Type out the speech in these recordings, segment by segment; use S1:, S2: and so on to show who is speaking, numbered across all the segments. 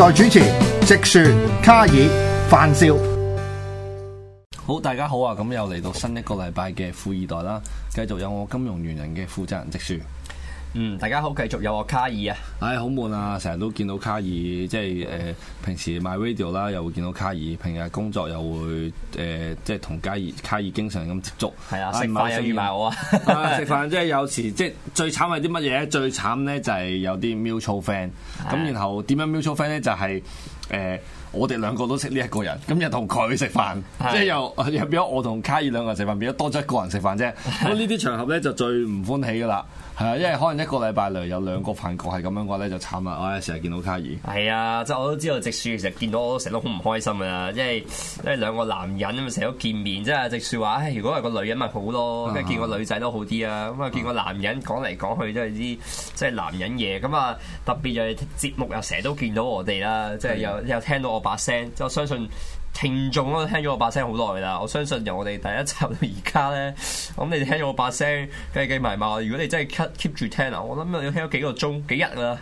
S1: 在主持直樹、卡爾、范少，好，大家好啊！咁又嚟到新一個禮拜嘅富易袋啦，繼續有我金融元人嘅負責人直樹。嗯，大家好，繼續有我卡爾啊！唉、哎，好悶啊，成日都見到卡爾，即係誒、呃、平時買 video 啦，又會見到卡爾。平日工作又會誒、呃，即係同卡爾卡爾經常咁接觸。係啊，食飯又預埋
S2: 我啊！食
S1: 飯即係有時，即係最慘係啲乜嘢？最慘咧就係、是、有啲 mutual friend，啊。咁然後點樣 mutual friend 咧？就係、是、誒。呃我哋兩個都識呢一個人，咁又同佢食飯，即係又變咗我同卡爾兩個人食飯，變咗多咗一個人食飯啫。咁呢啲場合咧就最唔歡喜噶啦，係啊，因為可能一個禮拜嚟有兩個飯局係咁樣嘅話咧，就慘啦。我成日見到卡爾，係
S2: 啊，即係我都知道，直樹其實見到我都成日都好唔開心啊。因為因為兩個男人咁啊，成日都見面，即係直樹話，如果係個女人咪好咯，跟住見個女仔都好啲啊。咁啊，見個男人講嚟講去都係啲即係男人嘢。咁啊，特別又節目又成日都見到我哋啦，即係又又聽到我。把聲，我相信聽眾都聽咗我把聲好耐啦。我相信由我哋第一集到而家咧，咁你哋聽咗我把聲，跟住跟
S1: 埋埋。如果你真係 keep keep
S2: 住聽啊，我諗你聽咗幾個鐘
S1: 幾日噶啦。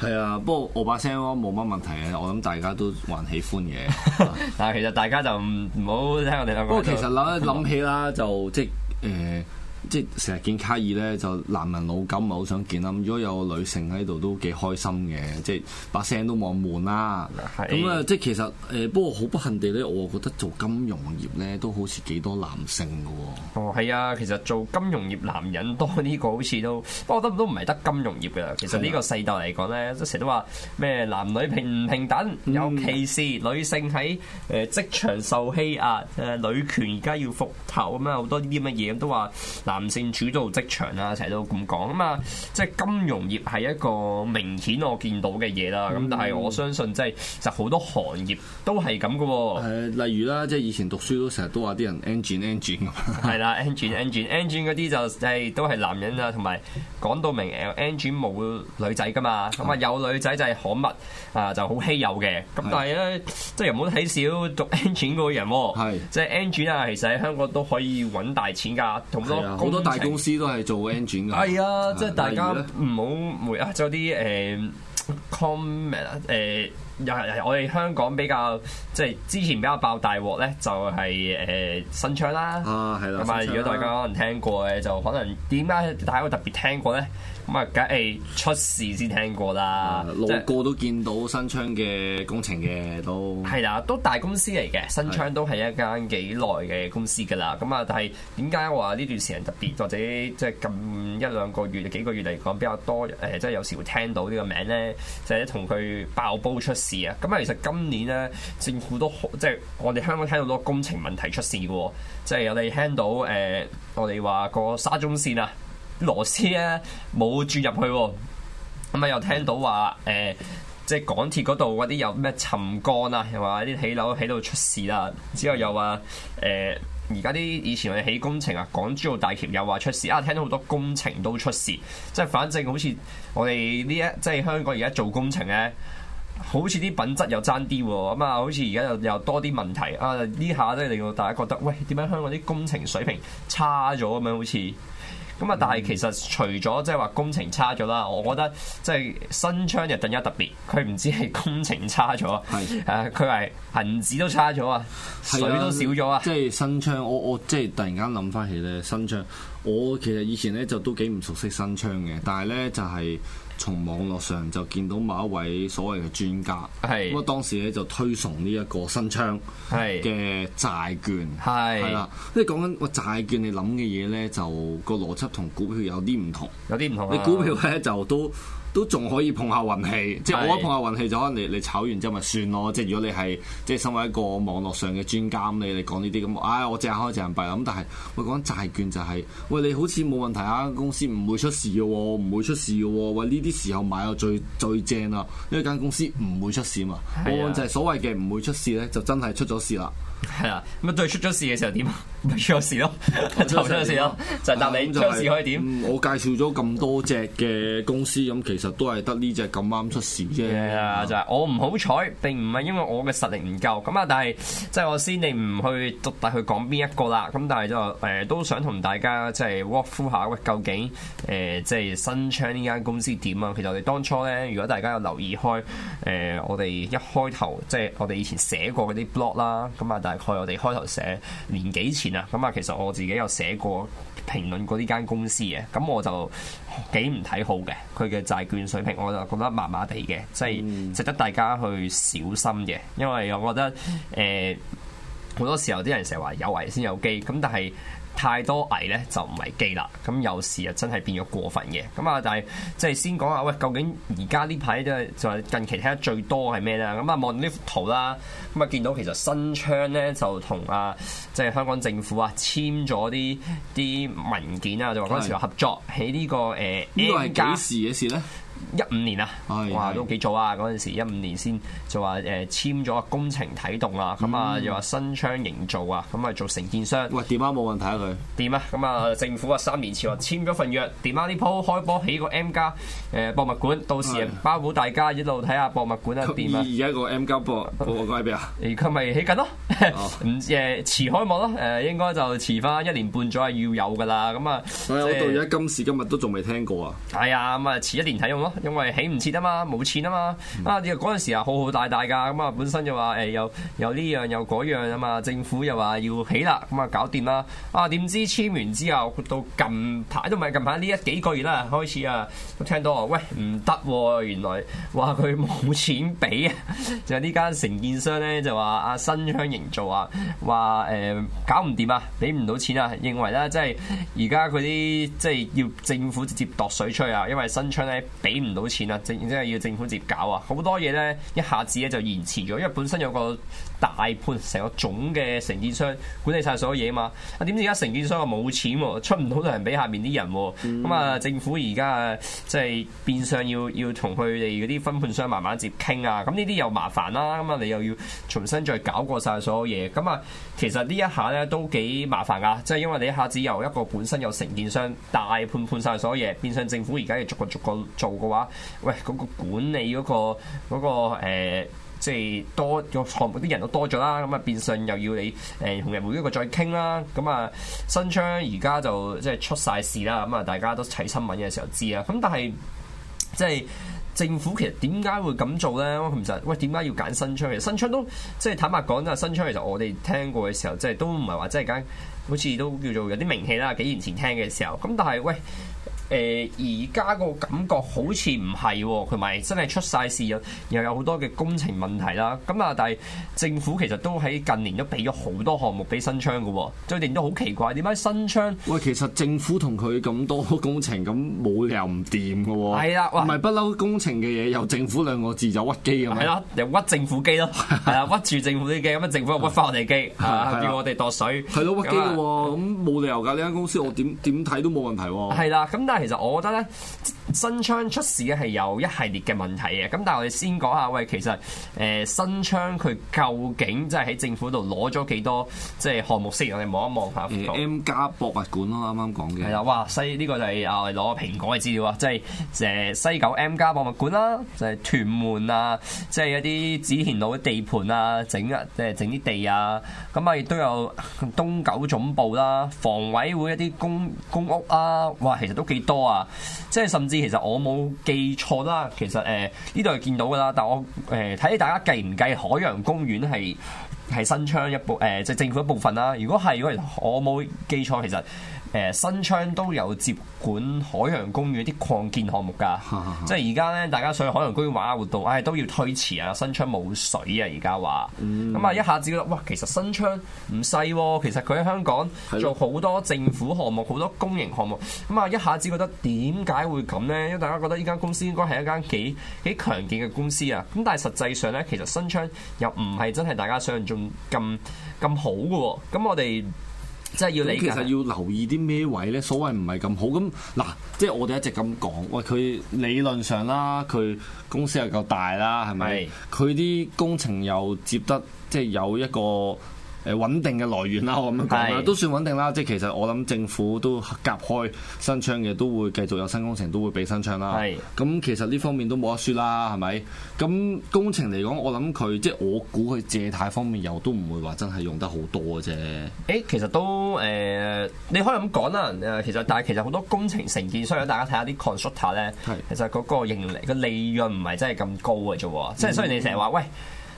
S1: 係啊，不過我把聲咧冇乜問題嘅，我諗大家都還喜歡嘅。 但係其實大家就唔唔好聽我哋兩個。不過其實諗一諗起啦，就即係誒。即係成日見卡爾咧，就男人老金咪好想見啦。咁如果有女性喺度都幾開心嘅，即係把聲都冇咁悶啦。咁啊，是即係其實誒、呃，不過好不幸地咧，我覺得做金融業咧都好似幾多男性嘅喎。哦，係、哦、啊，其實做金融業男人
S2: 多呢個好似都，都不過得都唔係得金融業嘅。其實呢個世代嚟講咧，即成日都話咩男女平唔平等，嗯、尤其是女性喺誒職場受欺壓，誒、呃、女權而家要復頭啊嘛，好多呢啲乜嘢咁都話。男性主導職場啊，成日都咁講，咁嘛？即係金融業係一個明顯我見到嘅嘢
S1: 啦。咁、嗯、但係我相信即係就好多行業都係咁嘅喎。例如啦，即係以前讀書常常都成日啦 都話啲人 engine engine 係啦 engine engine engine 嗰啲就係都
S2: 係男人啊，同埋講到明 engine 冇女仔㗎嘛。咁啊，有女仔就係罕物啊，就好稀有嘅。咁但係咧，即係唔好睇少讀 engine 嗰個人喎。即係 engine 啊，其實喺香港都可以揾大錢㗎，同多。好多大公司
S1: 都係做 engine 嘅。係啊、哎呀，對即係大家唔好每
S2: 啊，有啲誒、呃、comment 誒、呃，又、呃、係我哋香港比較即係之前比較爆大鑊咧、就是，就係誒新昌啦。
S1: 啊，係啦。咁啊，如果大家可
S2: 能聽過嘅，唱就可能點解大家會特別聽過咧？咁啊，梗係出事先聽過啦，路過、嗯就是、
S1: 都見到新昌嘅工程嘅都
S2: 係啦，都大公司嚟嘅，新昌都係一間幾耐嘅公司㗎啦。咁啊，但係點解話呢段時間特別，或者即係近一兩個月、幾個月嚟講比較多，誒，即係有時會聽到呢個名咧，就係同佢爆煲出事啊。咁啊，其實今年咧，政府都即係、就是、我哋香港聽到好多工程問題出事嘅，即係我哋聽到誒、呃，我哋話個沙中線啊。螺絲咧冇轉入去喎，咁啊又聽到話誒、呃，即係港鐵嗰度嗰啲有咩沉降啊，又話啲起樓喺度出事啦。之後又話誒，而家啲以前我哋起工程啊，港珠澳大橋又話出事啊，聽到好多工程都出事，即係反正好似我哋呢一即係香港而家做工程咧，好似啲品質又爭啲喎。咁啊，好似而家又又多啲問題啊！呢下真係令到大家覺得，喂，點解香港啲工程水平差咗咁樣？好似。咁啊！但係其實除咗即係話工程差咗啦，我覺得即係新昌就更加特別，
S1: 佢唔止係工程差咗，係誒佢係銀紙都差咗啊，水都少咗啊！即係新昌，我我即係突然間諗返起咧，新昌。我其實以前咧就都幾唔熟悉新昌嘅，但係咧就係、是、從網絡上就見到某一位所謂嘅專家，咁啊是當時咧就推崇呢一個新昌嘅債券，係啦是，即係講緊個債券你諗嘅嘢咧，就個邏輯同股票有啲唔同，有啲唔同、啊，你股票咧就都。都仲可以碰下運氣，即係我一碰下運氣就可能你你炒完之後咪算咯。即係如果你係即係身為一個網絡上嘅專家咁，你你講呢啲咁，唉、哎，我隻眼開隻眼閉咁，但係喂，講、那個、債券就係、是、喂，你好似冇問題啊，公司唔會出事嘅喎、哦，唔會出事嘅喎、哦。喂，呢啲時候買啊，最最正啊，因為間公司唔會出事嘛。按是、啊、就係所謂嘅唔會出事呢，就真係出咗事啦。係啦，
S2: 咁啊，到出咗事嘅時候點啊？咪 出事咯，就、啊、出咗事咯，啊、就係答你。出事可
S1: 以點、嗯？我介紹咗咁多隻嘅公司，咁其實都係得呢隻咁啱出事啫。就係我唔好彩，並唔係因為我嘅實力唔夠。咁啊，但係即係我先，你
S2: 唔去大去講邊一個啦。咁但係就誒、呃，都想同大家即係 walk through 下喂，究竟誒即係新昌呢間公司點啊？其實我哋當初咧，如果大家有留意開誒、呃，我哋一開頭即係我哋以前寫過嗰啲 blog 啦，咁啊。大概我哋開頭寫年幾前啊，咁啊其實我自己有寫過評論過呢間公司嘅，咁我就幾唔睇好嘅，佢嘅債券水平我就覺得麻麻地嘅，即係值得大家去小心嘅，因為我覺得誒好多時候啲人成日話有危先有機，咁但係，太多危咧就唔係機啦，咁有時啊真係變咗過分嘅，咁啊但係即係先講下喂，究竟而家呢排即係就近期睇得最多係咩咧？咁啊望呢幅圖啦，咁啊見到其實新昌咧就同啊即係香港政府啊簽咗啲啲文件啊，是就話嗰陣時合作喺呢個誒，呢個係幾時嘅事咧？一五年啊，哇都幾早啊！嗰陣時一五年先就話誒簽咗個工程體動啊，咁啊又話新昌營造啊，咁啊做承建商。喂，掂啊冇問題啊佢？掂啊？咁啊政府啊三年前話簽咗份約，掂啊呢鋪開波起個 M 加誒博物館，到時包保大家一路睇下博物館啊掂啊！而家
S1: 個 M 加博博物館喺邊
S2: 啊？而家咪起緊咯、啊，唔誒遲開幕咯，誒應該就遲翻一年半左右係要有㗎啦。咁啊、就是，我到而家
S1: 今時今日都仲未聽過啊！
S2: 係、哎、啊，咁啊遲一年睇用因為起唔切啊嘛，冇錢啊嘛，啊嗰陣時啊浩浩大大噶，咁啊本身就話誒、欸、有有呢樣又嗰樣啊嘛，政府又話要起啦，咁、嗯、啊搞掂啦，啊點知簽完之後到近排都唔係近排呢一幾個月啦，開始啊都聽到話喂唔得，原來話佢冇錢俾啊， 就呢間承建商咧就話阿新昌營造啊，話誒、欸、搞唔掂啊，俾唔到錢啊，認為咧即係而家嗰啲即係要政府直接度水吹啊，因為新昌咧俾。攞唔到錢啊！正即係要政府接手啊！好多嘢咧，一下子咧就延遲咗，因為本身有個。大判成個總嘅承建商管理晒所有嘢啊嘛，啊點知而家承建商又冇錢喎、啊，出唔到人俾下面啲人喎、啊，咁啊、嗯、政府而家啊，即係變相要要同佢哋嗰啲分判商慢慢接傾啊，咁呢啲又麻煩啦、啊，咁啊你又要重新再搞過晒所有嘢，咁啊其實一呢一下咧都幾麻煩啊，即、就、係、是、因為你一下子由一個本身有承建商大判判晒所有嘢，變相政府而家要逐個逐個做嘅話，喂嗰、那個管理嗰、那個嗰、那個呃即係多咗項目啲人都多咗啦，咁啊變相又要你誒同日回一個再傾啦，咁啊新昌而家就即係出晒事啦，咁啊大家都睇新聞嘅時候知啦，咁但係即係政府其實點解會咁做咧？其實喂點解要揀新昌嘅？新昌都即係坦白講啊，新昌其實我哋聽過嘅時候，即係都唔係話即係揀，好似都叫做有啲名氣啦。幾年前聽嘅時候，咁但係喂。誒而家個感覺好似唔係喎，同埋真係出晒事，又又有好多嘅工程問題啦。咁啊，但係政府其實都喺近年都俾咗好多項
S1: 目俾新昌嘅喎、哦。最近都好奇怪，點解新昌？喂，其實政府同佢咁多工程，咁冇理由唔掂嘅喎。係啊，唔係不嬲工程嘅嘢，由政府兩個字就屈機咁咩？係咯、啊，又屈政府機咯，係 啊，屈住政府啲機，咁啊政府又屈翻我哋機，叫、 啊、我
S2: 哋度水。係咯、啊，啊、屈機嘅
S1: 喎、啊，咁冇理由㗎。呢間公司我點點睇都冇問題喎、啊。係啦、
S2: 啊，咁但其實我覺得咧，新昌出事咧係有一系列嘅問題嘅，咁但係我哋先講下，喂，其實誒、呃、新昌佢究竟即係喺政府度攞咗幾多即係項目先，我哋望一望下。啊、M 加
S1: 博物館咯，
S2: 啱啱講嘅係啦，哇西呢、這個就係、是、啊攞蘋果嘅資料啊，即係誒西九 M 加博物館啦，就係、是、屯門啊，即係一啲紫田路嘅地盤啊，整啊即係整啲地啊，咁啊亦都有東九總部啦，房委會一啲公公屋啊，哇其實都幾。多啊，即係甚至其實我冇記錯啦，其實誒呢度係見到㗎啦，但我誒睇大家計唔計海洋公園係係新昌一部誒即係政府一部分啦。如果係，如果我冇記錯，其實。呃誒、uh, 新昌都有接管海洋公園啲擴建項目㗎， 即係而家咧，大家上去海洋公園玩下活動，唉都要推遲啊！新昌冇水啊，而家話，咁、嗯、啊一下子覺得，哇，其實新昌唔細喎，其實佢喺香港做好多政府項目、好多公營項目，咁啊一下子覺得點解會咁呢？因為大家覺得呢間公司應該係一間幾幾強健嘅公司啊，咁但係實際上呢，其實新昌又唔係真係大家想象中咁咁好嘅喎、啊，咁我哋。即係要你其實
S1: 要留意啲咩位咧？所謂唔係咁好咁嗱，即係我哋一直咁講，喂佢理論上啦，佢公司又夠大啦，係咪？佢啲、嗯、工程又接得，即係有一個。誒，穩定嘅來源啦，我咁樣講都算穩定啦。即係其實我諗政府都夾開新昌嘅，都會繼續有新工程，都會俾新昌啦。係。咁其實呢方面都冇得輸啦，係咪？咁工程嚟講，我諗佢即係我估佢借貸方面又都唔會話真係用得好多嘅啫。誒，其實都誒、呃，你可以
S2: 咁講啦。誒、呃，其實但係其實好多工程承建商，以大家睇下啲 contractor 咧，cons 呢是 其實嗰個盈利、嗰個利潤唔係真係咁高嘅啫。即係所以你成日話喂。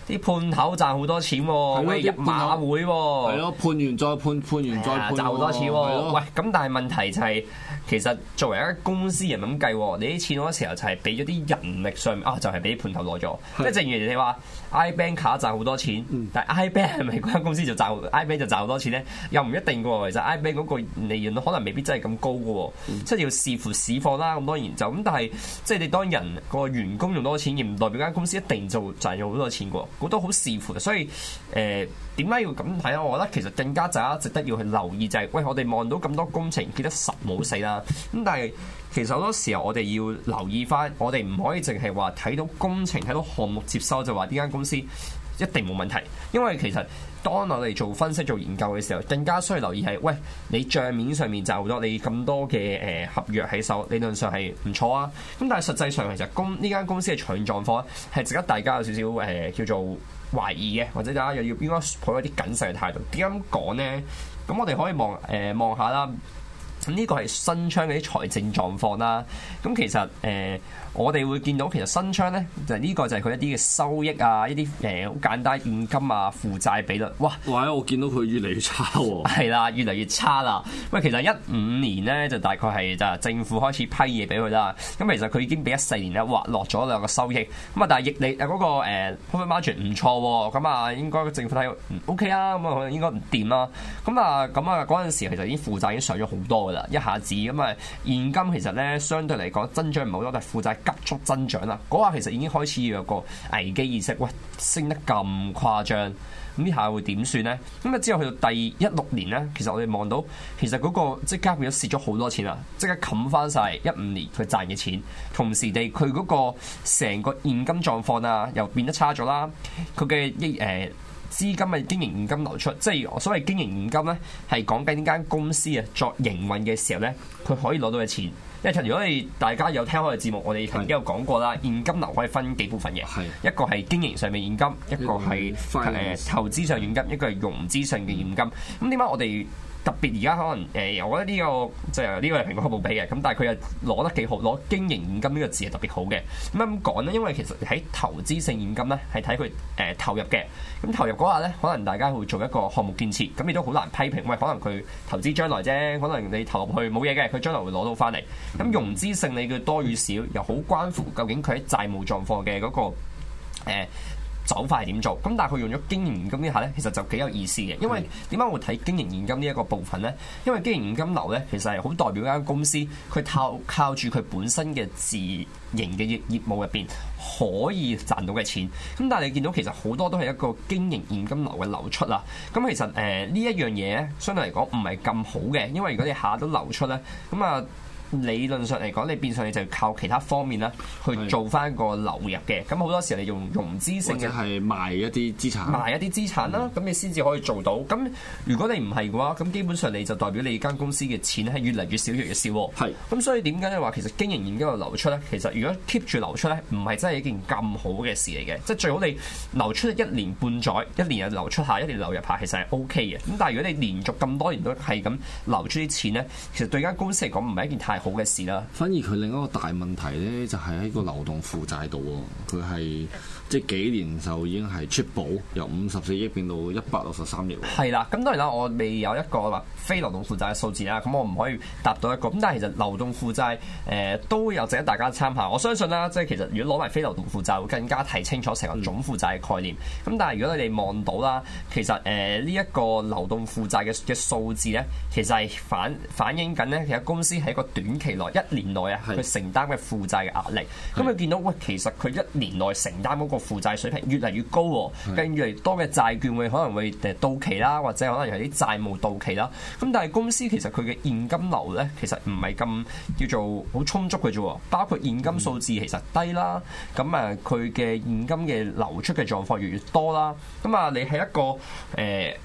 S2: 啲判頭賺好多錢喎、哦，咩的入馬會喎、哦？咯，
S1: 判完再判，判完再判、哎，賺好多錢喎、哦。的喂，
S2: 咁但係問題就係、是，其實作為一間公司，人唔咁計喎。你啲錢好多時候就係俾咗啲人力上面啊，就係、是、俾判頭攞咗。即係的正如你話，IBank 卡、er、賺好多錢，嗯、但係 IBank 係咪嗰間公司就賺 IBank 就賺好多錢咧？又唔一定嘅喎。其實 IBank 嗰個利潤可能未必真係咁高嘅喎，嗯、即係要視乎市況啦。咁當然就咁，但係即係你當人個員工用多錢，唔代表間公司一定就賺咗好多錢嘅喎。好多好視乎，所以誒點解要咁睇啊？我覺得其實更加渣，值得要去留意就係、是，喂，我哋望到咁多工程，見得實冇死啦。咁但係其實好多時候，我哋要留意返，我哋唔可以淨係話睇到工程，睇到項目接收就話呢間公司。一定冇問題，因為其實當我哋做分析、做研究嘅時候，更加需要留意係：喂，你帳面上面賺好多，你咁多嘅誒合約喺手，理論上係唔錯啊。咁但係實際上其實公呢間公司嘅財務狀況，係值得大家有少少誒、呃、叫做懷疑嘅，或者大家又要應該抱一啲謹慎嘅態度。點解咁講呢？咁我哋可以望誒望下啦。呃看看咁呢個係新昌嘅啲財政狀況啦。咁其實誒、呃，我哋會見到其實新昌咧，就呢、是、個就係佢一啲嘅收益啊，一啲誒好簡單現金啊，負債比率，哇！喂，我見到佢越嚟越差喎、哦。係啦，越嚟越差啦。喂，其實一五年咧就大概係就政府開始批嘢俾佢啦。咁其實佢已經比一四年咧滑落咗兩個收益。咁、那個欸、啊，但係逆利誒嗰個誒 profit margin 唔錯喎。咁啊，應該政府睇 OK 啊。咁啊，應該唔掂啦。咁啊，咁啊嗰陣時其實已經負債已經上咗好多。一下子咁啊，現金其實咧相對嚟講增長唔好多，但係負債急速增長啦。嗰下其實已經開始有個危機意識，哇，升得咁誇張，咁呢下會點算咧？咁啊之後去到第一六年咧，其實我哋望到其實嗰個即刻變咗蝕咗好多錢啦，即刻冚翻晒。一五年佢賺嘅錢，同時地佢嗰個成個現金狀況啊又變得差咗啦，佢嘅一誒。呃資金嘅經營現金流出，即係所謂經營現金呢，係講緊呢間公司啊，作營運嘅時候呢，佢可以攞到嘅錢。因為如果你大家有聽開我嘅節目，我哋曾經有講過啦，現金流可以分幾部分嘅，是的 一個係經營上面現金，一個係投資上現金，一個係融資上嘅現金。咁點解我哋？特別而家可能誒、欸，我覺得呢、呢個即係呢個係蘋果開幕俾嘅，咁但係佢又攞得幾好，攞經營現金呢個字係特別好嘅。咁點講咧？因為其實喺投資性現金咧，係睇佢誒投入嘅。咁投入嗰下咧，可能大家會做一個項目建設，咁亦都好難批評。喂，可能佢投資將來啫，可能你投入去冇嘢嘅，佢將來會攞到翻嚟。咁融資性你嘅多與少，又好關乎究竟佢喺債務狀況嘅嗰、嗰個、呃手法係點做咁？但係佢用咗經營現金呢下呢，其實就幾有意思嘅。因為點解會睇經營現金呢一個部分呢？因為經營現金流呢，其實係好代表一間公司佢靠靠住佢本身嘅自營嘅業業務入邊可以賺到嘅錢。咁但係你見到其實好多都係一個經營現金流嘅流出啦。咁其實誒呢、呃、一樣嘢呢，相對嚟講唔係咁好嘅，因為如果你下都流出呢。咁啊。理論上嚟講，你變相你就靠其他方面啦，去做翻個流入嘅。咁好多時你用融資性嘅，係賣一啲資產，賣一啲資產啦，咁、嗯、你先至可以做到。咁如果你唔係嘅話，咁基本上你就代表你間公司嘅錢係越嚟越少越越少。係。咁所以點解你話其實經營現金流出咧？其實如果 keep 住流出咧，唔係真係一件咁好嘅事嚟嘅。即係最好你流出一年半載，一年又流出下，一年流入下，其實係 OK 嘅。咁但係如果你連續咁多年都係咁流出啲錢咧，其實對間公司嚟講唔係一件太好嘅事啦，
S1: 反而佢另一個大問題咧，就係喺個流動負債度喎，佢係。即係幾年就已經係出保，由五十四億變到一百六十三億。係啦，咁當然
S2: 啦，我未有一個話非流動負債嘅數字啦，咁我唔可以答到一個。咁但係其實流動負債誒、呃、都有值得大家參考。我相信啦，即係其實如果攞埋非流動負債，會更加睇清楚成個總負債嘅概念。咁、嗯、但係如果你哋望到啦，其實誒呢一個流動負債嘅嘅數字咧，其實係反反映緊咧，其實公司喺一個短期內一年內啊去的承擔嘅負債嘅壓力。咁的你見到喂，其實佢一年內承擔嗰、那個負債水平越嚟越高，跟住越嚟越多嘅債券會可能會到期啦，或者可能有啲債務到期啦。咁但係公司其實佢嘅現金流咧，其實唔係咁叫做好充足嘅啫。包括現金數字其實低啦，咁啊佢嘅現金嘅流出嘅狀況越嚟越多啦。咁啊，你係一個誒。呃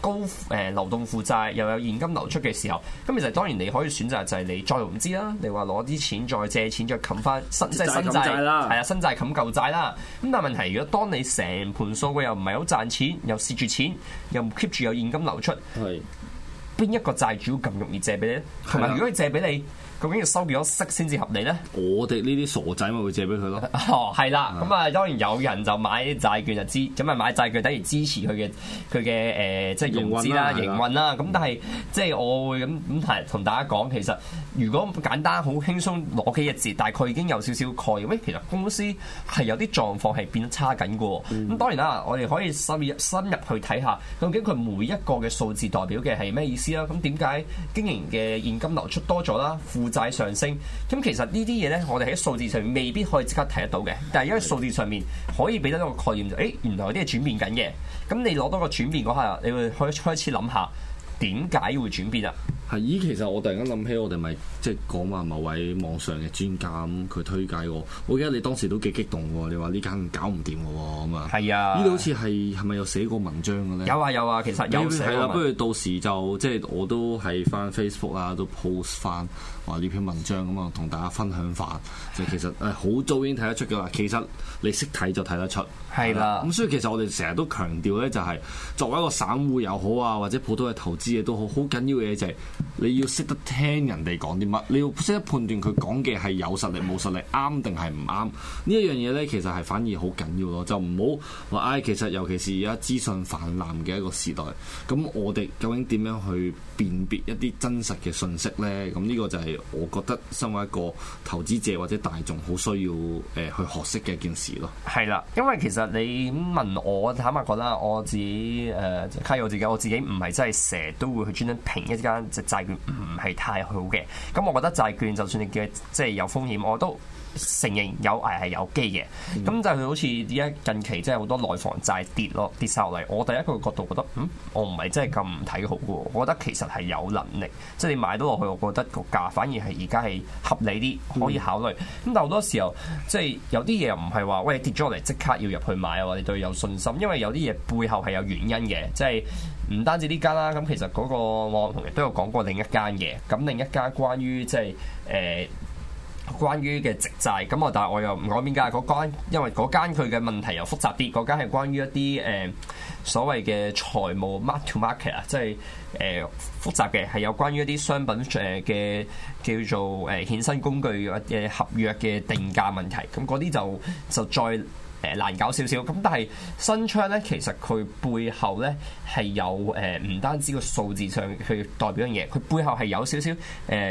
S2: 高誒、呃、流動負債又有現金流出嘅時候，咁其實當然你可以選擇就係你再融資啦，你話攞啲錢再借錢再冚翻新即係新債啦，係啊新債冚舊債啦。咁但係問題如果當你成盤數嘅又唔係好賺錢，又蝕住錢，又 keep 住有現金流出，邊是一個債主咁容易借俾你？同埋如果你借俾你？究竟要收幾多
S1: 息先至合理咧？我哋呢啲傻仔咪會借俾佢咯。
S2: 哦，係啦，咁啊，當然有人就買債券就知。咁咪買債券等如支持佢嘅佢嘅誒，即係融資啦、營運啦。咁是的 但係即係我會咁咁同大家講，其實如果咁簡單好輕鬆攞幾日字，大概已經有少少概念。喂，其實公司係有啲狀況係變得差緊嘅喎。咁、嗯、當然啦，我哋可以深入深入去睇下，究竟佢每一個嘅數字代表嘅係咩意思啦。咁點解經營嘅現金流出多咗啦？就係上升，咁其實呢啲嘢咧，我哋喺數字上未必可以即刻睇得到嘅，但係因為數字上面可以俾到一個概念，就誒原來啲嘢係轉變緊嘅，咁你攞多個轉變嗰下，你會開開始諗下
S1: 點解會轉變啊？係，咦？其實我突然間諗起，我哋咪即係講話某位網上嘅專家咁，佢推介我。我記得你當時都幾激動喎，你話呢間搞唔掂喎咁啊。係啊，呢度好似係係咪有寫過文章嘅咧？有啊有啊，其實有寫。啦、啊，不如到時就即係、就係、我都係翻 Facebook 啊，都 post 翻話呢篇文章咁啊，同大家分享翻。就係、其實誒，好早已經睇得出嘅啦。其實你識睇就睇得出。係啦的。咁、啊、所以其實我哋成日都強調咧，就係作為一個散戶又好啊，或者普通嘅投資嘢都好，好緊要嘅嘢就係、係。你要識得聽人哋講啲乜，你要識得判斷佢講嘅係有實力冇實力，啱定係唔啱呢一樣嘢呢，其實係反而好緊要咯。就唔好話唉，其實尤其是而家資訊泛濫嘅一個時代，咁我哋究竟點樣去辨別一啲真實嘅信息呢，咁呢個就係我覺得身為一個投資者或者大眾好需要誒、呃、去學識嘅一件事咯。係啦，
S2: 因為其實你問我，坦白講啦，我自己誒卡爾我自己，呃、自己我自己唔係真係成日都會去專登評一間隻債券唔係太好嘅。咁我覺得債券就算你嘅即係有風險，我都。承認有危係有機嘅，咁、嗯、就係好似而家近期即係好多內房債跌落跌晒落嚟。我第一個角度覺得，嗯，我唔係真係咁唔睇好喎。我覺得其實係有能力，即係你買到落去，我覺得個價反而係而家係合理啲，可以考慮。咁、嗯、但好多時候，即係有啲嘢唔係話，喂，跌咗落嚟即刻要入去買啊！你對佢有信心，因為有啲嘢背後係有原因嘅，即係唔單止呢間啦。咁其實嗰個我同你都有講過另一間嘅，咁另一間關於即係誒。呃關於嘅直債咁我但係我又唔講邊間。嗰間因為嗰間佢嘅問題又複雜啲，嗰間係關於一啲誒所謂嘅財務 mark to market 啊，即係誒複雜嘅，係有關於一啲商品誒嘅叫做誒衍生工具嘅合約嘅定價問題。咁嗰啲就就再。誒難搞少少咁，但係新昌咧，其實佢背後咧係有誒，唔單止個數字上去代表一樣嘢，佢背後係有少少誒。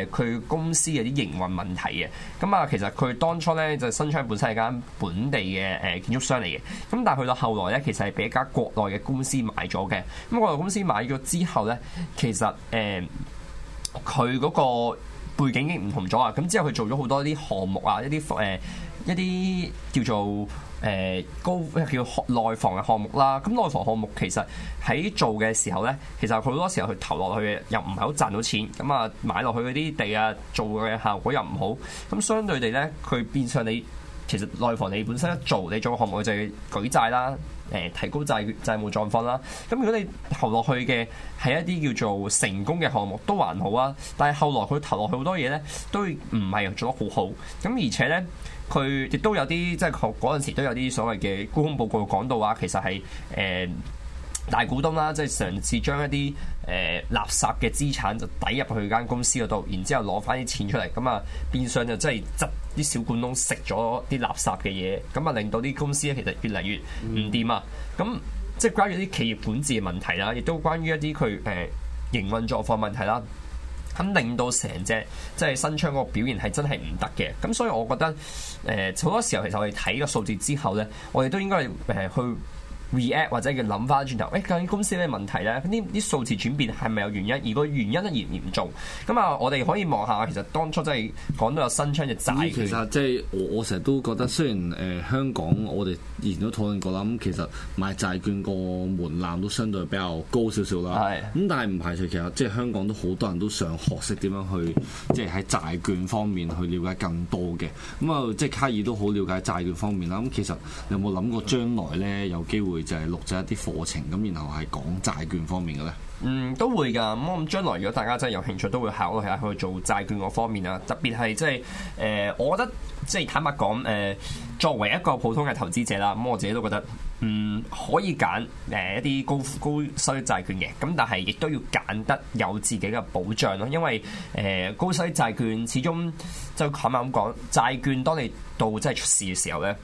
S2: 佢、呃、公司嘅啲營運問題嘅咁啊。其實佢當初咧就是、新昌本身係間本地嘅誒建築商嚟嘅，咁但係去到後來咧，其實係俾一間國內嘅公司買咗嘅。咁、嗯、國內公司買咗之後咧，其實誒佢嗰個背景已經唔同咗啊。咁、嗯、之後佢做咗好多啲項目啊，一啲誒、呃、一啲叫做。誒高、呃、叫內房嘅項目啦，咁、嗯、內房項目其實喺做嘅時候呢，其實好多時候佢投落去嘅又唔係好賺到錢，咁、嗯、啊買落去嗰啲地啊，做嘅效果又唔好，咁、嗯、相對地呢，佢變相你其實內房你本身一做你做嘅項目就係舉債啦，誒、呃、提高債債務狀況啦，咁、嗯、如果你投落去嘅係一啲叫做成功嘅項目都還好啊，但係後來佢投落去好多嘢呢，都唔係做得好好，咁、嗯、而且呢。佢亦都有啲即係嗰陣時都有啲所謂嘅沽空報告講到話，其實係誒、呃、大股東啦，即係上次將一啲誒、呃、垃圾嘅資產就抵入去間公司嗰度，然之後攞翻啲錢出嚟，咁、嗯、啊變相就真係執啲小股東食咗啲垃圾嘅嘢，咁啊令到啲公司咧其實越嚟越唔掂啊！咁、嗯、即係關於啲企業管治問題啦，亦都關於一啲佢誒營運狀況問題啦。肯令到成隻即係新昌嗰個表現係真係唔得嘅，咁所以我覺得誒好多時候其實我哋睇個數字之後咧，我哋都應該誒去。r e 或者叫諗翻轉頭，喂、哎，究竟公司咩問題咧？啲啲數字轉變係咪有原因？而個原因咧嚴唔嚴重？咁啊，我哋可以望下，其實當初真係講到有新昌嘅債、嗯、其實即
S1: 係我我成日都覺得，雖然誒、呃、香港我哋以前都討論過啦，咁、嗯、其實買債券個門檻都相對比較高少少啦。係咁是、嗯，但係唔排除其實即係香港都好多人都想學識點樣去即係喺債券方面去了解更多嘅。咁、嗯、啊，即係卡爾都好了解債券方面啦。咁、嗯、其實有冇諗過將來咧有機會？就係錄製一啲課程，咁然後係講債券方面嘅咧。嗯，
S2: 都會㗎。咁我諗將來如果大家真係有興趣，都會考慮下去做債券嗰方面啦。特別係即係誒，我覺得即係坦白講，誒、呃、作為一個普通嘅投資者啦，咁、嗯、我自己都覺得，嗯，可以揀誒一啲高高收益債券嘅。咁但係亦都要揀得有自己嘅保障咯，因為誒、呃、高收益債券始終就坦白咁講，債券當你到真係出事嘅時候咧。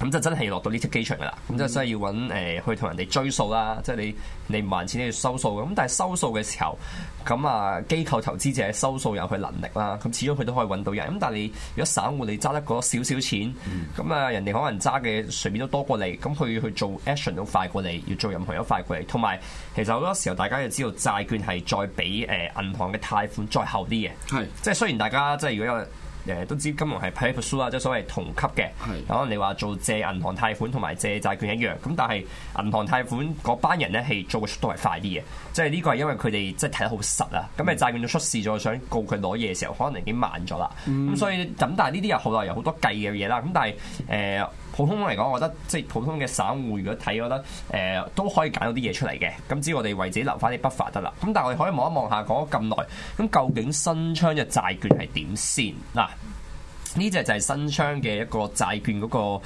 S2: 咁就真係要落到呢隻機場噶、呃、啦，咁即係真係要揾去同人哋追數啦，即係你你唔還錢你要收數咁，但係收數嘅時候，咁啊機構投資者收數有佢能力啦，咁始終佢都可以揾到人。咁但係你如果散戶你揸得嗰少少錢，咁啊人哋可能揸嘅隨便都多過你，咁佢去做 action 都快過你，要做任何一都快過你。同埋其實好多時候大家要知道債券係再比誒、呃、銀行嘅貸款再後啲嘅，係是即係雖然大家即係如果有。誒都知金融係 pari passu 啊，即係所謂同級嘅。係是，可能你話做借銀行貸款同埋借債券一樣，咁但係銀行貸款嗰班人咧係做嘅速度係快啲嘅，即係呢個係因為佢哋即係睇得好實啊。咁誒、嗯、債券都出事咗，想告佢攞嘢嘅時候，可能已經慢咗啦。咁、嗯、所以咁，但係呢啲又後來有好多計嘅嘢啦。咁但係誒。呃普通嚟講，我覺得即係普通嘅散戶，如果睇，我覺得誒都可以揀到啲嘢出嚟嘅。咁只要我哋為自己留返啲 buffer 得啦。咁但係我哋可以望一望下講咗咁耐，咁究竟新昌嘅債券係點先嗱？呢隻就係新昌嘅一個債券嗰、那個。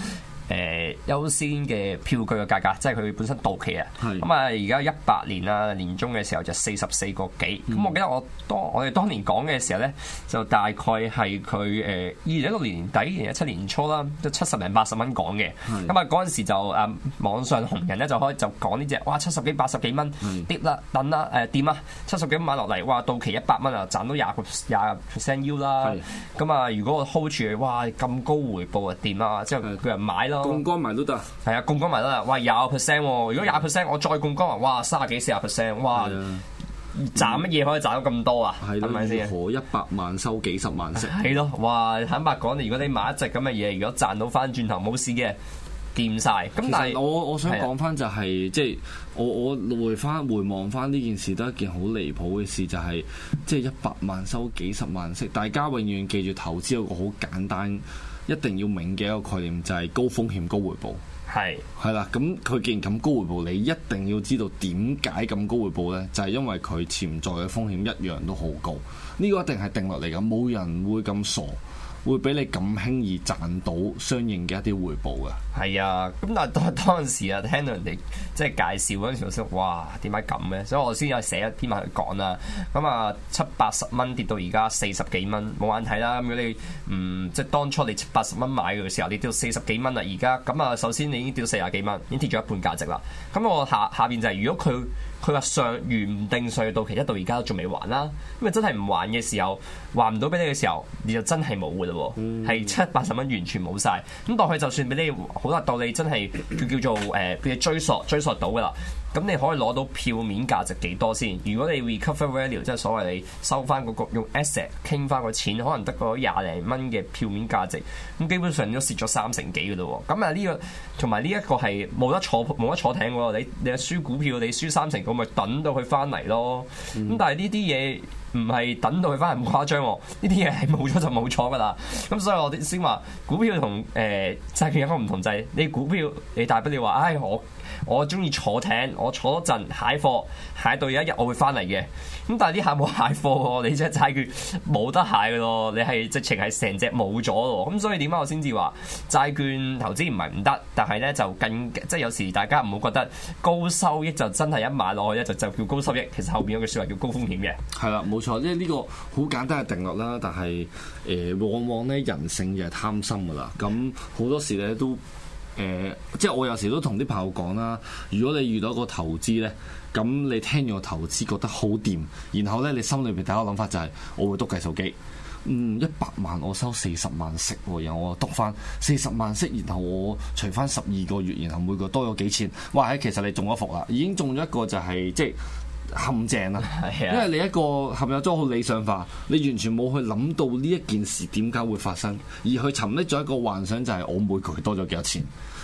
S2: 誒優先嘅票據嘅價格，即係佢本身到期啊。咁啊，而家一八年啊，年中嘅時候就四十四個幾。咁我記得我當我哋當年講嘅時候咧，就大概係佢誒二零一六年底、二零一七年初啦，都七十零八十蚊講嘅。咁、嗯、啊，嗰陣時就誒、嗯、網上紅人咧，就可以就講呢隻，哇七十幾八十幾蚊跌啦、等啦、誒跌啊，七十幾蚊買落嚟，哇到期一百蚊啊，賺到廿個廿 percent U 啦。咁啊，如果我 hold 住，哇咁高回報啊，點啊？即係佢人買咯。槓桿埋都得，係啊，槓桿埋都得啦。哇，廿 percent、啊、如果廿 percent，我再槓桿埋，哇，卅幾四十 percent，哇，的賺乜嘢可以賺到咁多啊？係咪先？我一百萬收幾十萬息，係咯。哇，坦白講，如果你買一隻咁嘅嘢，如果賺到翻轉頭冇事嘅，掂晒！咁但係我我想講
S1: 翻就係、是，的即係我我回翻回望翻呢件事，都係一件好離譜嘅事，就係、是、即係一百萬收幾十萬息。大家永遠記住投資有一個好簡單。一定要明嘅一個概念就係、是、高風險高回報，係係啦。咁佢既然咁高回報，你一定要知道點解咁高回報呢？就係、是、因為佢潛在嘅風險一樣都好高。呢、這個一定係定落嚟嘅，冇人會咁傻。會俾你咁輕易賺到相應嘅一啲回報㗎係啊。咁但係
S2: 當當時啊，聽到人哋即係介紹嗰陣時候，我想哇點解咁嘅，所以我先有寫一篇文去講啦。咁啊，七八十蚊跌到而家四十幾蚊，冇眼睇啦。咁如果你唔、嗯、即係當初你七八十蚊買嘅時候，你跌到四十幾蚊啦，而家咁啊，首先你已經跌到四廿幾蚊，已經跌咗一半價值啦。咁我下下邊就係如果佢。佢話上原定上到期，一到而家都仲未還啦。因為真係唔還嘅時候，還唔到俾你嘅時候，你就真係冇噶啦。係、嗯、七八十蚊完全冇晒。咁當佢就算俾你，好核道理真係叫叫做誒，叫、呃、追索追索到噶啦。咁你可以攞到票面價值幾多先？如果你 recover value 即係所謂你收翻嗰個用 asset 傾翻個錢，可能得嗰廿零蚊嘅票面價值，咁基本上都蝕咗三成幾嘅咯喎。咁啊呢個同埋呢一個係冇得坐冇得坐艇喎。你你啊輸股票，你輸三成，咁咪等到佢翻嚟咯。咁但係呢啲嘢。唔係等到佢翻嚟咁誇張喎、哦，呢啲嘢係冇咗就冇咗㗎啦。咁所以我哋先話股票同誒、呃、債券有個唔同就係你股票你大不了話，唉我我中意坐艇，我坐多陣蟹貨，蟹到有一日我會翻嚟嘅。咁但係啲蟹冇蟹貨喎，你隻債券冇得蟹嘅咯，你係直情係成隻冇咗咯。咁所以點解我先至話債券投資唔係唔得，但係咧就更即係有時大家唔好覺得高收益就真係一買落去咧就就叫高收益，其實後面有句
S1: 説話叫高風險嘅。係啦、啊，冇。即係呢個好簡單嘅定律啦。但係誒、呃，往往咧人性又係貪心噶啦。咁好多時咧都誒、呃，即係我有時都同啲朋友講啦。如果你遇到一個投資呢，咁你聽咗個投資覺得好掂，然後呢你心裏邊第一個諗法就係、是、我會篤計數機，嗯一百萬我收四十萬息，然後我篤翻四十萬息，然後我除翻十二個月，然後每個多咗幾錢，哇！係其實你中咗伏啦，已經中咗一個就係、是、即係。陷阱啦、啊，因為你一個陷入咗好理想化，你完全冇去諗到呢一件事點解會發生，而去沉溺咗一個幻想，就係我每個月多咗幾多錢，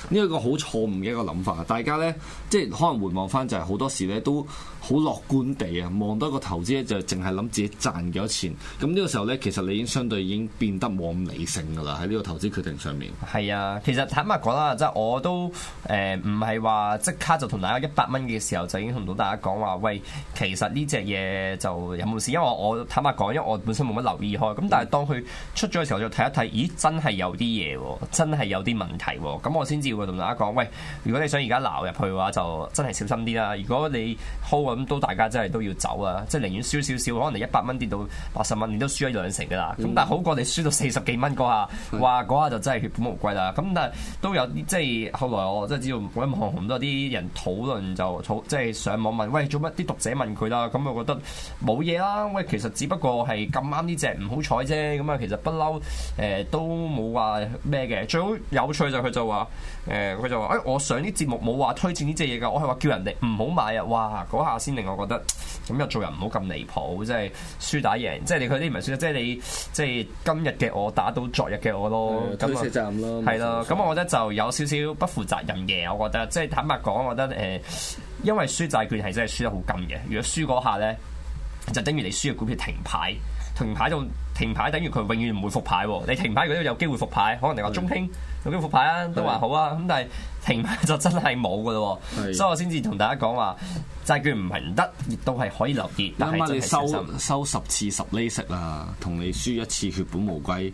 S1: 呢一個好錯誤嘅一個諗法。大家呢，即係可能回望返就係好多時呢都。好樂觀地啊，望到個投資咧就淨係諗自己賺幾多錢。咁呢個時候咧，其實你已經相對已經變得冇咁理性㗎啦，喺呢個投資決定上面。係啊，其實坦白講啦，即係我都
S2: 誒唔係話即刻就同大家一百蚊嘅時候就已經同到大家講話，喂，其實呢隻嘢就有冇事，因為我坦白講，因為我本身冇乜留意開。咁但係當佢出咗嘅時候，就睇一睇，咦，真係有啲嘢，真係有啲問題。咁我先至會，同大家講，喂，如果你想而家撈入去嘅話，就真係小心啲啦。如果你咁都大家真係都要走啊！即係寧願輸少少少，可能一百蚊跌到八十蚊，你都輸咗兩成噶啦。咁但係好過你輸到四十幾蚊嗰下，嗯、哇！嗰下就真係血本無歸啦。咁但係都有啲，即係後來我真係知道，喺網紅都有啲人討論，就討、即係上網問，喂，做乜？啲讀者問佢啦。咁我覺得冇嘢啦。喂，其實只不過係咁啱呢隻唔好彩啫。咁啊，其實不嬲誒，都冇話咩嘅。最好有趣就佢、呃、就話誒，佢就話誒，我上啲節目冇話推薦呢隻嘢㗎，我係話叫人哋唔好買啊！哇，嗰下～先令我覺得咁又做人唔好咁離譜，即係輸打贏，即係你佢啲唔係輸，即係你即係今日嘅我打到昨日嘅我咯，都折
S1: 賺咯，係咯就，咁
S2: 的我覺得就有少少不負責任嘅，我覺得即係坦白講，我覺得誒、呃，因為輸債券係真係輸得好緊嘅，如果輸嗰下咧，就等於你輸嘅股票停牌。停牌就停牌，等於佢永遠唔會復牌。你停牌如果都有機會復牌，可能你話中興有機會復牌啊，是的 都還好啊。咁但係停牌就真係冇噶啦，是的 所以我先至同大家講話債券唔係唔得，亦都係可以留意。是的 但係你收
S1: 收十次十厘息啦，同你輸一次血本無歸。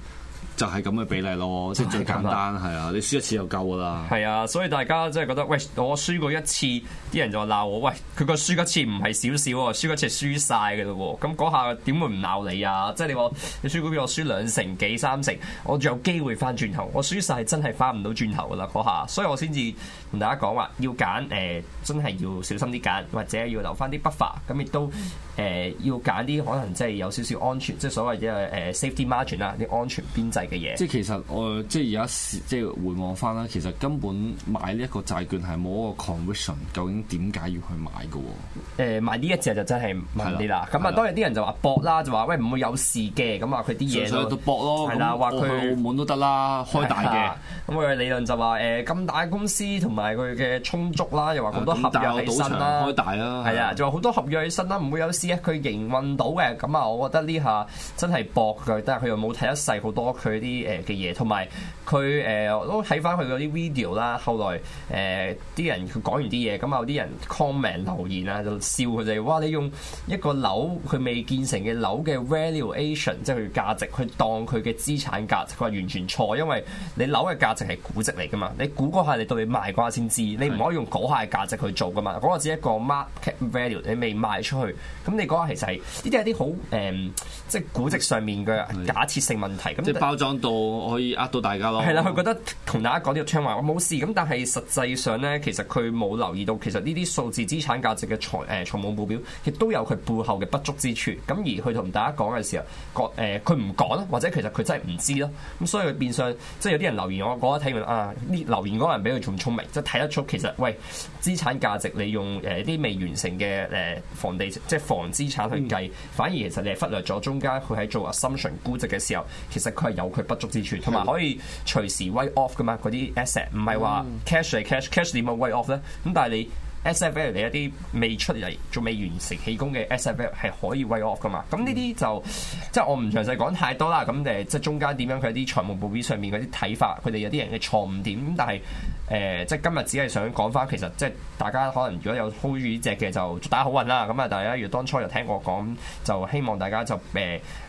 S1: 就係咁嘅比例咯，即係最簡單，係啊喂！你輸一次就夠㗎啦。係啊，所以大家真
S2: 係覺得，喂，我輸過一次，啲人就話鬧我，喂，佢個輸一次唔係少少，輸一次輸晒嘅嘞喎，咁嗰下點會唔鬧你啊？即係你話你輸股票，我輸兩成幾三成，我仲有機會翻轉頭，我輸晒真係翻唔到轉頭噶啦嗰下，所以我先至同大家講話，要揀誒、呃，真係要小心啲揀，或者要留翻啲 buffer，咁亦都。誒、呃、要揀啲可能即係有少少安全，即係所謂嘅誒 safety margin 啦，啲、呃、安全邊際嘅嘢。即
S1: 係其實我即係而家，即係回望翻啦，其實根本買呢一個債券係冇一個 conviction，究竟點解要去買嘅、哦？誒、呃、買呢一隻就真係慢啲啦。咁啊了，當
S2: 然啲人就話搏啦，就話喂唔會有事嘅。咁話佢啲嘢，所以就搏咯。係啦了，話佢他澳門都得啦，開大嘅。咁佢理論就話誒咁大公司同埋佢嘅充足啦，又話好多合約喺身啦，開大啦。係啊，就話好多合約喺身啦，唔會有事。佢營運到嘅，咁啊，我覺得呢下真係搏佢，但係佢又冇睇得細好多佢啲誒嘅嘢，同埋佢誒都睇翻佢嗰啲 video 啦。後來誒啲、呃、人佢講完啲嘢，咁有啲人 comment 留言啊，就笑佢哋哇！你用一個樓佢未建成嘅樓嘅 valuation，即係佢價值，佢當佢嘅資產價值，佢話完全錯，因為你樓嘅價值係估值嚟㗎嘛，你估下你到你賣瓜先知，你唔可以用嗰下嘅價值去做㗎嘛，嗰、嗰個只係一個 market value，你未賣出去咁。你講話其實係呢啲係啲好誒，即係估值上面嘅假設性問題。咁即係包裝到可以呃到大家咯。係啦，佢覺得同大家講啲嘢聽話我冇事，咁但係實際上咧，其實佢冇留意到，其實呢啲數字資產價值嘅財誒、呃、財務目標，亦都有佢背後嘅不足之處。咁而佢同大家講嘅時候，個佢唔講，或者其實佢真係唔知咯。咁所以佢變相即係有啲人留言，我講一睇完啊，呢留言嗰個人比佢仲聰明，即係睇得出其實喂資產價值利用誒啲、呃、未完成嘅誒房地即係房。資產去計，嗯、反而其實你係忽略咗中間佢喺做 assumption 估值嘅時候，其實佢係有佢不足之處，同埋可以隨時 write off 噶嘛，嗰啲 asset 唔係話 cash 嚟 cash，cash 點解冇 write off 咧？咁但係你。S.F.L. 你一啲未出嚟，仲未完成氣功嘅 S.F.L. 係可以 write off 㗎嘛？咁呢啲就即係我唔詳細講太多啦。咁誒，即係中間點樣佢啲財務報表上面嗰啲睇法，佢哋有啲人嘅錯誤點。咁但係誒、呃，即係今日只係想講翻，其實即係大家可能如果有 hold 住呢隻嘅就打好運啦。咁啊，大家如果當初又聽我講，就希望大家就誒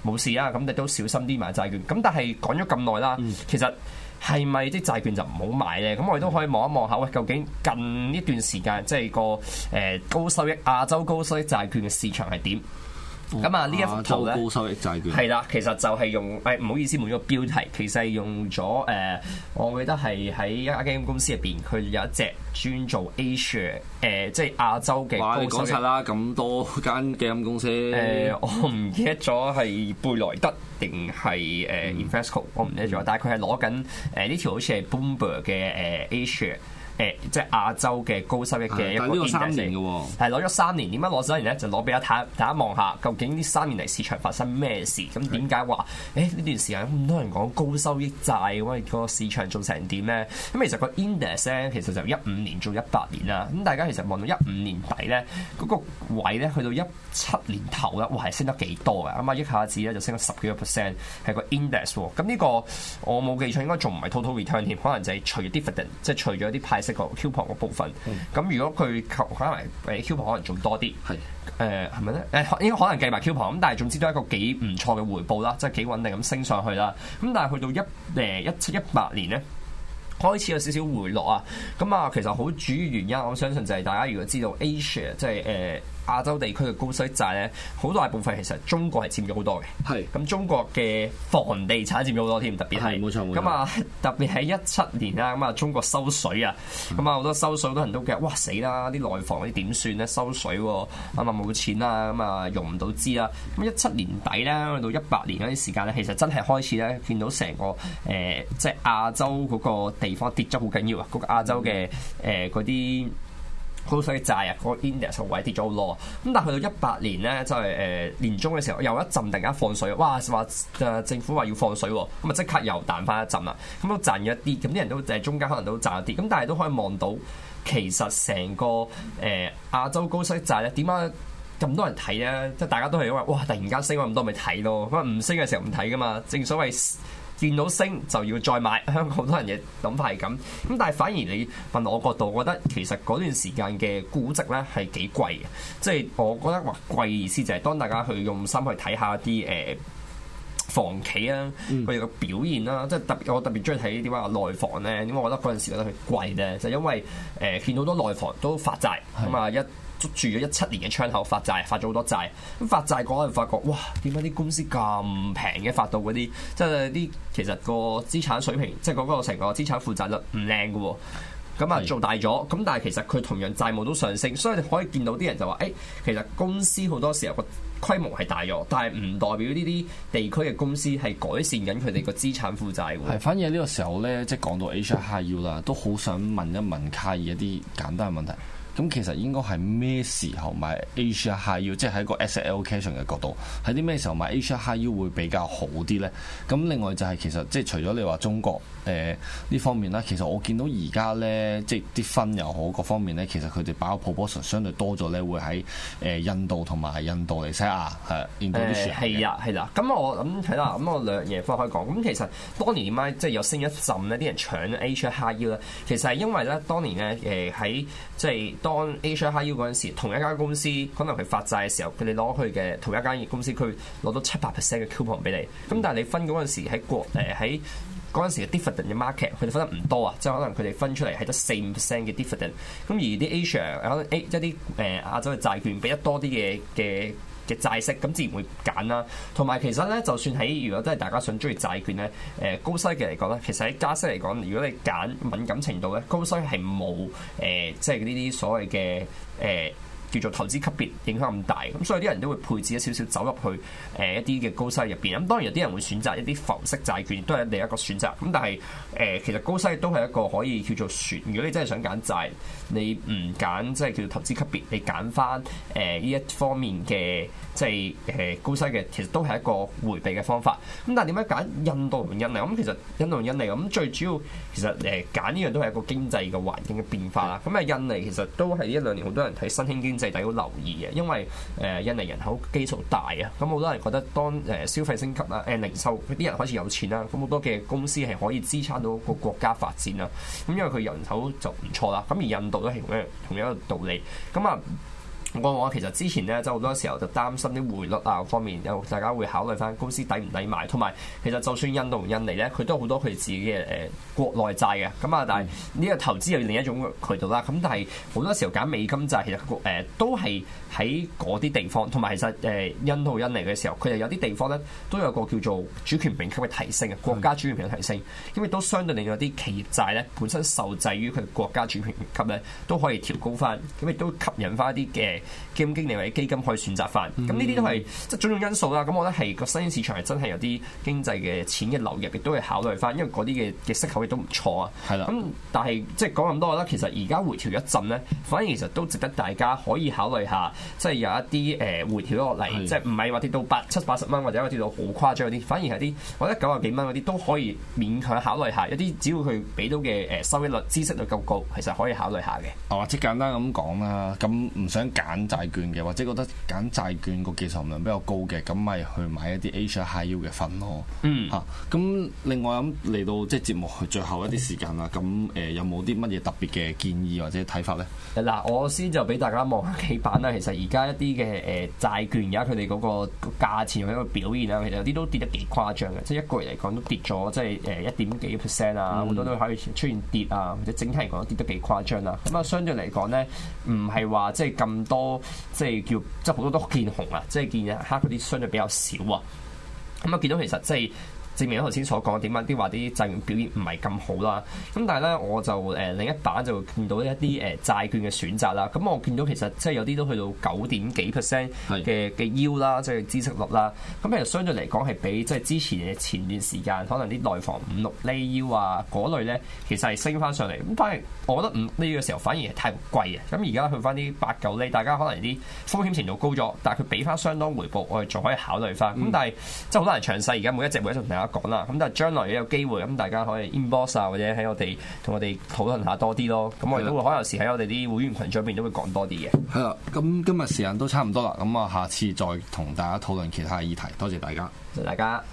S2: 冇、呃、事啦。咁你都小心啲買債券。咁。但係講咗咁耐啦，其實。係咪啲債券就唔好買咧？咁我哋都可以望一望下，喂，究竟近呢段時間即係個誒高收益、亞洲高收益債券嘅市場係點？咁啊，呢一幅圖呢，高收
S1: 益債券，係啦，
S2: 其實就係用，誒，唔好意思，換咗個標題，其實係用咗誒，我記得係喺一家基金公司入邊，佢有一隻專做 Asia，誒、呃，即係亞洲嘅。話你講晒啦，
S1: 咁多間基金公
S2: 司，誒、嗯呃，我唔記得咗係貝萊德定係誒 Invesco，我唔記得咗，但係佢係攞緊誒呢條好似係 Bloomberg 嘅誒 Asia。誒，即係亞洲嘅高收益嘅一個 index，但係攞咗三年，點解攞咗三年咧？就攞俾大家睇，大家望下究竟呢三年嚟市場發生咩事？咁點解話誒呢段時間咁多人講高收益債，咁、那、咪個市場做成點咧？咁其實個 index 咧，其實就一五年做一八年啦。咁大家其實望到一五年底咧，嗰、那個位咧去到一七年頭咧，哇係升得幾多嘅？咁、嗯、啊，一下子咧就升咗十幾個 percent，係個 index 喎、這個。咁呢個我冇記錯應該仲唔係 total return 添，可能就係除 dividend，即係除咗啲派。即個 coupon 個部分，咁、嗯、如果佢求加埋誒 coupon 可能仲多啲，誒係咪咧？誒、呃、應該可能計埋 coupon，咁但係總之都係一個幾唔錯嘅回報啦，即係幾穩定咁升上去啦。咁但係去到一誒一七一八年咧，開始有少少回落啊。咁啊，其實好主要原因，我相信就係大家如果知道 Asia，即、就、係、是、誒。呃亞洲地區嘅高息債咧，好大部分其實中國係佔咗好多嘅。係是，咁中國嘅房地產佔咗好多添，特別係。冇錯咁啊，那錯特別係一七年啦，咁啊中國收水啊，咁啊好多收水都人都驚，哇死啦！啲內房嗰啲點算咧？收水咁、哦嗯、啊冇錢啦，咁啊用唔到資啦。咁一七年底咧，去到一八年嗰啲時間咧，其實真係開始咧見到成個誒、呃，即係亞洲嗰個地方跌咗好緊要啊！嗰、那個亞洲嘅誒嗰啲。呃高息債啊，嗰個 index 個位跌咗好多。咁，但係去到一八年咧，就係、是、誒、呃、年中嘅時候又一陣突然間放水，哇！話誒政府話要放水咁啊，即刻又彈翻一陣啦，咁都賺咗啲咁啲人都誒中間可能都賺咗啲咁，但係都可以望到其實成個誒、呃、亞洲高息債咧點解咁多人睇咧？即係大家都係因為哇，突然間升咗咁多咪睇咯，咁啊唔升嘅時候唔睇㗎嘛。正所謂。見到升就要再買，香港好多人嘅諗法係咁。咁但係反而你問我角度，我覺得其實嗰段時間嘅估值咧係幾貴嘅。即係我覺得話貴意思就係當大家去用心去睇下啲誒房企啊，佢哋嘅表現啦，即係特別我特別中意睇點解內房咧。咁我覺得嗰陣時覺得佢貴咧，就是、因為誒、呃、見到好多內房都發債咁啊、嗯、一。捉住咗一七年嘅窗口發債，發咗好多債。咁發債嗰陣，發覺哇，點解啲公司咁平嘅發到嗰啲，即係啲其實個資產水平，即係嗰個成個資產負債率唔靚㗎喎。咁啊，做大咗，咁是的 但係其實佢同樣債務都上升，所以你可以見到啲人就話，誒、欸，其實公司好多時候個規模係大咗，但係唔代表呢啲地區嘅公司係改善緊佢哋個資產負
S1: 債。係，反而呢個時候咧，即係講到 H r U 啦，都好想問一問卡爾一啲簡單嘅問題。咁其實應該係咩時候買 Asia High Yield 即係喺個 Asset Allocation 嘅角度，喺啲咩時候買 Asia High Yield 會比較好啲咧？咁另外就係其實即係除咗你話中國誒呢、呃、方面啦，其實我見到而家咧，即係啲分又好各方面咧，其實佢哋把個 proportion 相對多咗咧，會喺誒、呃、印度同埋印度尼西、啊、亞誒。誒係、呃、啊係啦，咁、啊、我諗係啦，咁、啊我，啊、我兩嘢放開講。咁其實
S2: 當年點解即係有升一浸呢啲人搶 Asia High Yield 咧，其實係因為咧、呃、當年咧誒喺即係。當 Asia high You 嗰陣時，同一間公司可能佢發債嘅時候，佢哋攞去嘅同一間公司，佢攞到七百 percent 嘅 coupon 俾你。咁但係你分嗰陣時喺國誒喺嗰陣時嘅 dividend 嘅 market，佢哋分得唔多啊，即係可能佢哋分出嚟係得四五 percent 嘅 dividend。咁而啲 Asia 可能 A 一啲誒亞洲嘅債券，俾得多啲嘅嘅。嘅，債息，咁自然會揀啦。同埋其實咧，就算喺如果真係大家想鍾意債券咧，誒、呃、高息嘅嚟講咧，其實喺加息嚟講，如果你揀敏感程度咧，高息係冇誒，即係呢啲所謂嘅誒。呃叫做投資級別影響咁大，咁所以啲人都會配置一少少走入去誒一啲嘅高息入邊。咁當然有啲人會選擇一啲浮息債券，都係另一個選擇。咁但係誒，其實高息都係一個可以叫做選。如果你真係想揀債，你唔揀即係叫做投資級別，你揀翻誒呢一方面嘅即係誒高息嘅，其實都係一個回避嘅方法。咁但係點解揀印度同印尼？咁其實印度同印尼咁最主要其實誒揀呢樣都係一個經濟嘅環境嘅變化啦。咁啊印尼其實都係一兩年好多人睇新興經濟。係要留意嘅，因為誒印尼人口基數大啊，咁好多人覺得當誒消費升級啊、誒、呃、零售啲人開始有錢啦，咁好多嘅公司係可以支撐到個國家發展啦，咁因為佢人口就唔錯啦，咁而印度咧係同樣同樣一個道理，咁、嗯、啊。我話其實之前咧，就好多時候就擔心啲匯率啊方面，有大家會考慮翻公司抵唔抵買，同埋其實就算印度、印尼咧，佢都好多佢自己嘅誒國內債嘅，咁啊，但係呢個投資又另一種渠道啦。咁但係好多時候揀美金債，其實誒、呃、都係喺嗰啲地方，同埋其實誒、呃、印度、印尼嘅時候，佢哋有啲地方咧都有個叫做主權評級嘅提升啊，國家主權評級嘅提升，因為都相對嚟講啲企業債咧本身受制於佢國家主權評級咧，都可以調高翻，咁亦都吸引翻一啲嘅。基金經理或者基金可以選擇翻，咁呢啲都係即係種種因素啦。咁、嗯、我覺得係個新興市場係真係有啲經濟嘅錢嘅流入，亦都係考慮翻。因為嗰啲嘅嘅息口亦都唔錯啊。係啦，咁但係即係講咁多，我覺得其實而家回調一陣咧，反而其實都值得大家可以考慮下，即係有一啲誒回調落嚟，即係唔係話跌到八七八十蚊或者跌到好誇張嗰啲，反而係啲我覺得九廿幾蚊嗰啲都可以勉強考慮下。有啲只要佢俾到嘅誒收益率、息率夠高，其實可以考慮下嘅。
S1: 哦，即係簡單咁講啦，咁唔想揀債券嘅，或者覺得揀債券個技術含量比較高嘅，咁咪去買一啲 Asia High Yield 嘅份咯。嗯、啊，嚇，咁另外咁嚟到即係節目去最後一啲時間啦，咁誒、呃、有冇啲乜嘢特別嘅建議或者睇法咧？嗱，我先就俾大家望下幾版啦。其實而家一啲嘅誒債券而家佢
S2: 哋嗰個價錢或者個表現啊，其實有啲都跌得幾誇張嘅，即係一個月嚟講都跌咗，即係誒一點幾 percent 啊，好多都可以出現跌啊，或者整體嚟講跌得幾誇張啦。咁啊，相對嚟講咧，唔係話即係咁多。多即係叫，即係好多都見紅啊，即係見黑嗰啲相對比較少啊。咁、嗯、啊，見到其實即係。證明咗頭先所講點解啲話啲債券表現唔係咁好啦，咁但係咧我就誒另一版就見到一啲誒債券嘅選擇啦，咁我見到其實即係有啲都去到九點幾 percent 嘅嘅 U 啦，即係孳息率啦，咁其實相對嚟講係比即係之前嘅前段時間可能啲內房五六厘腰啊嗰類咧，其實係升翻上嚟，咁但係我覺得五厘嘅時候反而係太貴啊，咁而家去翻啲八九厘，大家可能啲風險程度高咗，但係佢俾翻相當回報，我哋仲可以考慮翻，咁但係即係好多人詳細而家每一隻每一隻講啦，咁但係將來如有機會，咁大家可以 inbox 啊，或者喺我哋同我哋討論下多啲咯。咁的我哋都會可能有時喺我哋啲會員群上面都會講多啲嘢。
S1: 係啦，咁今日時間都差唔多啦，咁啊，下次再同大家討論其他嘅議題。多謝大家，謝謝大家。